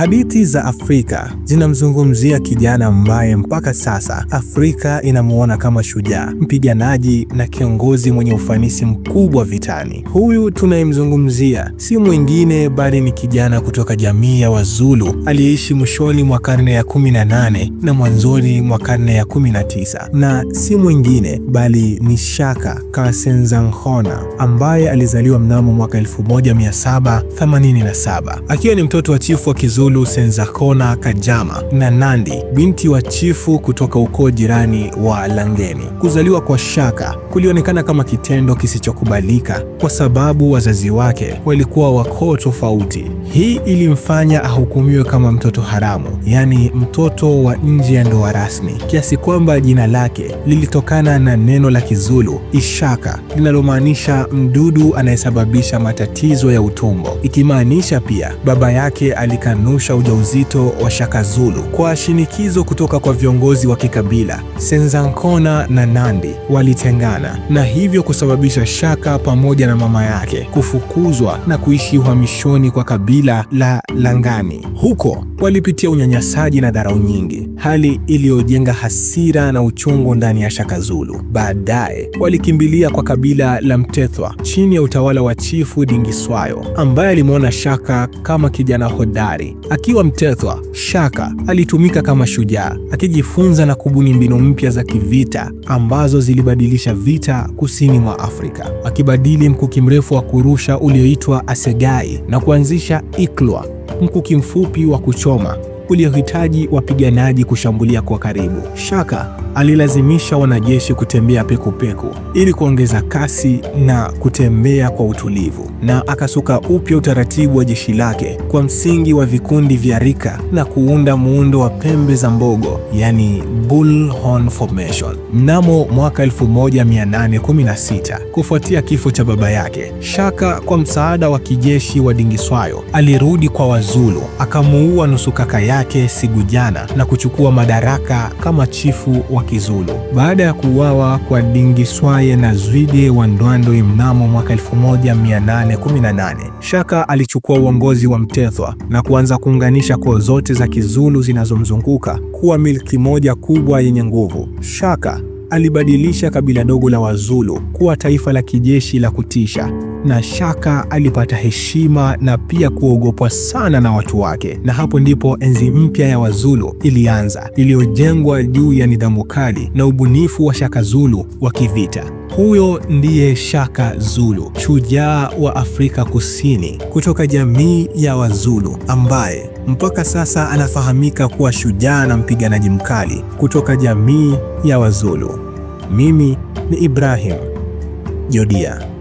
Hadithi za Afrika zinamzungumzia kijana ambaye mpaka sasa Afrika inamuona kama shujaa, mpiganaji na kiongozi mwenye ufanisi mkubwa vitani. Huyu tunayemzungumzia si mwingine bali ni kijana kutoka jamii ya Wazulu aliyeishi mwishoni mwa karne ya 18 na mwanzoni mwa karne ya 19, na si mwingine bali ni Shaka Kasenzakhona ambaye alizaliwa mnamo mwaka 1787 akiwa ni mtoto wa chifu wa Kizulu Lulu Senzakona Kajama na Nandi, binti wa chifu kutoka ukoo jirani wa Langeni. Kuzaliwa kwa Shaka kulionekana kama kitendo kisichokubalika kwa sababu wazazi wake walikuwa wakoo tofauti. Hii ilimfanya ahukumiwe kama mtoto haramu, yaani mtoto wa nje ya ndoa rasmi, kiasi kwamba jina lake lilitokana na neno la Kizulu ishaka linalomaanisha mdudu anayesababisha matatizo ya utumbo, ikimaanisha pia baba yake alikanusha kuepusha ujauzito wa Shaka Zulu kwa shinikizo kutoka kwa viongozi wa kikabila. senzankona na Nandi walitengana na hivyo kusababisha Shaka pamoja na mama yake kufukuzwa na kuishi uhamishoni kwa kabila la Langani. Huko walipitia unyanyasaji na dharau nyingi, hali iliyojenga hasira na uchungu ndani ya Shaka Zulu. Baadaye walikimbilia kwa kabila la Mtethwa chini ya utawala wa Chifu Dingiswayo ambaye alimwona Shaka kama kijana hodari Akiwa Mtethwa, Shaka alitumika kama shujaa, akijifunza na kubuni mbinu mpya za kivita ambazo zilibadilisha vita kusini mwa Afrika, akibadili mkuki mrefu wa kurusha ulioitwa asegai na kuanzisha iklwa, mkuki mfupi wa kuchoma uliohitaji wapiganaji kushambulia kwa karibu. Shaka alilazimisha wanajeshi kutembea pekupeku ili kuongeza kasi na kutembea kwa utulivu, na akasuka upya utaratibu wa jeshi lake kwa msingi wa vikundi vya rika na kuunda muundo wa pembe za mbogo, yani bullhorn formation. Mnamo mwaka 1816 kufuatia kifo cha baba yake, Shaka kwa msaada wa kijeshi wa Dingiswayo alirudi kwa Wazulu, akamuua nusu kaka yake Sigujana na kuchukua madaraka kama chifu wa wa Kizulu. Baada ya kuuawa kwa Dingiswaye na Zwide wa Ndwandwe mnamo mwaka 1818, Shaka alichukua uongozi wa Mtethwa na kuanza kuunganisha koo zote za Kizulu zinazomzunguka kuwa milki moja kubwa yenye nguvu. Shaka alibadilisha kabila dogo la Wazulu kuwa taifa la kijeshi la kutisha na shaka alipata heshima na pia kuogopwa sana na watu wake, na hapo ndipo enzi mpya ya Wazulu ilianza iliyojengwa juu ya nidhamu kali na ubunifu wa Shaka Zulu wa kivita. Huyo ndiye Shaka Zulu, shujaa wa Afrika Kusini kutoka jamii ya Wazulu ambaye mpaka sasa anafahamika kuwa shujaa na mpiganaji mkali kutoka jamii ya Wazulu. Mimi ni Ibrahim Jodia.